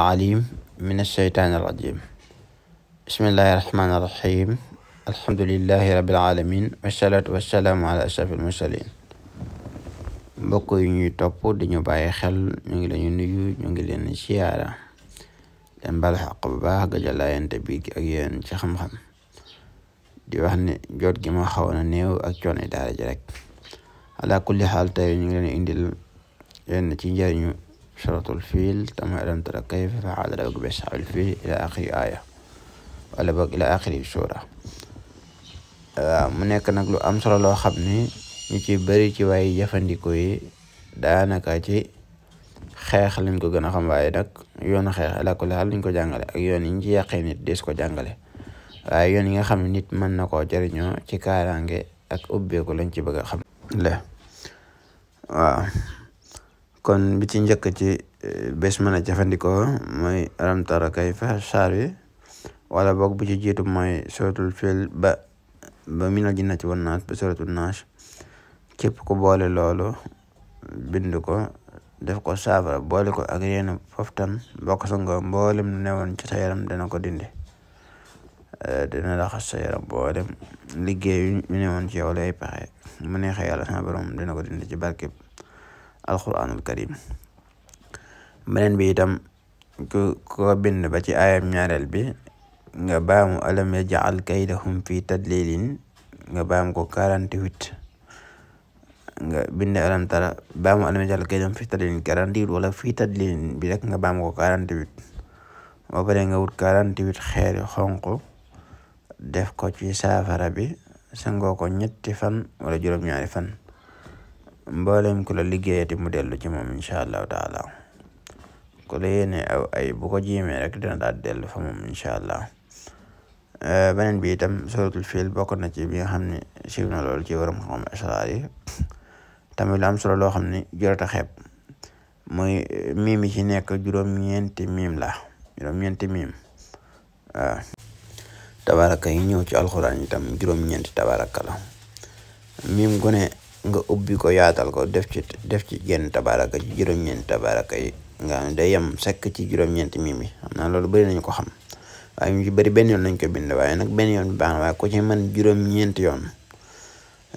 تعليم من الشيطان الرجيم بسم الله الرحمن الرحيم الحمد لله رب العالمين والصلاة والسلام على أشرف المرسلين بكو ني توبو دي ني باي خيل نيغي لا نيو نيغي لين سيارا دم بال حق با جا لا ينت بي اك يين سي خم خم دي واخني جوت جي ما خاونا نيو اك جوني دار جي رك على كل حال تاي نيغي لا اندي لين سي شرط الفيل تم لم ترى كيف فعل لك بشعب الفيل إلى آخر آية ولا بق إلى آخر سورة آه من هيك نقول أمسر الله خبني نجي بري كواي جفن دي كوي دانا كاتي خيخ لنكو غنا خم باي دك يون خيخ لا كل حال نكو جانغالي يون نجي يقين ديس كو جانغالي آه يون نجي خم نيت من نكو جرنيو تي كارانجي أك أبيكو لنجي بغا خم لا آه. kon bi ci njëkk ci eh, bés mën a jëfandikoo mooy alam kay kayfa saar wi wala boog bu ci jiitu mooy suratul fil ba ba minal jinnati wan naas ba suratul naas képp ko boole loolu bind ko def ko saafara boole ko ak yenn poftan boo ko sangoo mboolem newoon ci sa yaram dana ko dindi eh, dina raxas sa yaram boolem liggéey yu newoon ci yow lay paxe mu neexee yàlla sama borom dina ko dindi ci barkeb alquranul karim beneen bi itam ko ko bind ba ci ayam ñaareel bi nga baamu alam yaj'al kaydahum fi tadlilin nga baam ko 48 nga bind alam tara baamu alam yaj'al kaydahum fi tadlilin 48 wala fi tadlilin bi rek nga baam ko 48 ba pare nga wut 48 xeer xonko def ko ci safara bi sango ko ñetti fan wala juroom ñaari fan mboolem kula la liggéeyati modelu ci mom inshallah taala ko leene aw ay bu ko jime rek dina da delu fa mom inshallah euh benen bi tam suratul fil bokk na ci bi nga xamni ne na ci waram xam asrar yi tam lu am solo lo xamni ne jurata xeeb muy miim ci nek jurom ñent mim la jurom ñent mim euh tabaraka yi ñëw ci alxuraan tam jurom ñent tabaraka la mim gone nga ubbi ko yaatal ko def ci def ci genn tabaraka ci juróom-ñeent tabaraka yi nga am day yem sekk ci juróom-ñeent mimi xam naa loolu bari nañ ko xam waaye ñu ci bëri benn yoon lañ ko bind waaye nag benn yoon bi baax na waaye ku ci mën yoon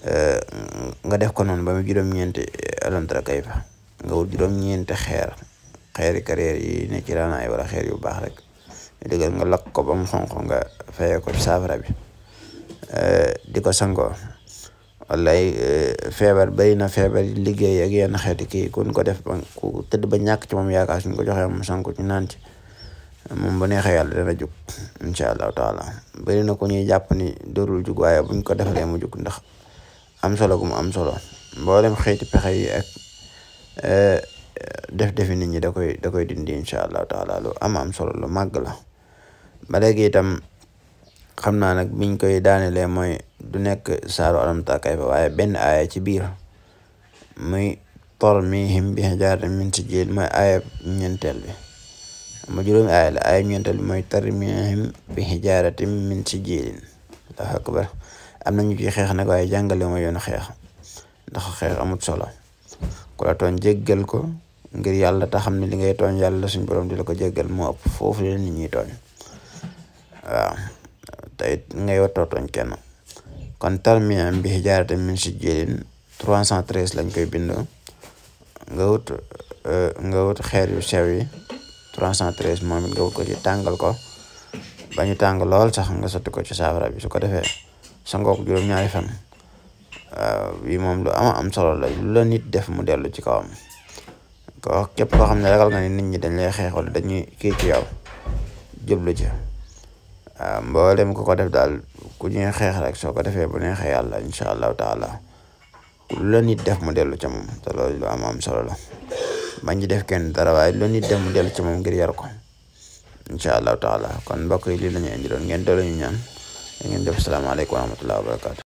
eh, nga def ko noonu ba mu juróom-ñeenti alam tara wut juróom-ñeenti xeer xeeri carrière yi ne ci raanaay wala xeer yu baax rek dëggal nga lakk ko ba mu xonq nga faye ko saafara bi eh, di ko sangoo wallay eh, feebar bari na feebar liggéey ak yenn xeeti kii kun ko def ba ku tëdd ba ñàkk ci moom yaakaar suñ ko joxee mu sanku ci naan ci moom bu neexee yàlla dana jug incha allahu taala bari na ko ñuy jàpp ni dóorul jug buñ ko defalee mu jug ndax am solo gu mu am solo mboolem xeeti pexe yi ak eh, def defi nit ñi da koy da koy dindi incha allahu taala lu am am solo lu màgg la ba xam naa nag biñ koy daanelee moy du nekk saaru alamtaakaay ba waaye benn aaya ci biir muy tarmihim bi hijaarin min sijjiil mooy aaya ñeenteel bi mu juróomi aaya la aaya ñeenteel bi mooy tarmihim bi hijaaratin min sijjiilin allahu akbar am nañu ci xeex nag waaye jàngale ma yoon xeex ndax xeex amut solo ku la tooñ jéggal ko ngir yàlla te xam ne li ngay tooñ yàlla suñ borom di la ko jéggal moo ëpp foofu leen nit ñuy tooñ waaw te it ngay wattoo tooñ kenn kon tarmiyam bi hijaarate min sijjiilin 313 lañ koy bind nga wut eh, nga wut xeer yu sew yi 313 moom it nga wut ko ci tàngal ko ba ñu tàng lool sax nga sotti ko ci saafara bi su ko defee sa ngoog juróom-ñaari fan waaw eh, moom lu ama am solo la la nit def mu dellu ci kawam ko képp koo xam ne ragal nga ni nit ñi dañ lay xeex wala dañuy kii ci yow jublu Ah, mboolem ku ko def daal ku ñuy xeex rek soo ko defee bu neexee yàlla incha allahu taala lu la nit def mu dellu ca lool lu am am solo la bañ ci def kenn dara waaye lu nit def mu dellu ca moom ngir yar ko incha allahu taala kon mbokk yi lii la ñu indi doon ngeen doole ñu ñaan ngeen def salaamaaleykum wa rahmatullahi wa barakatu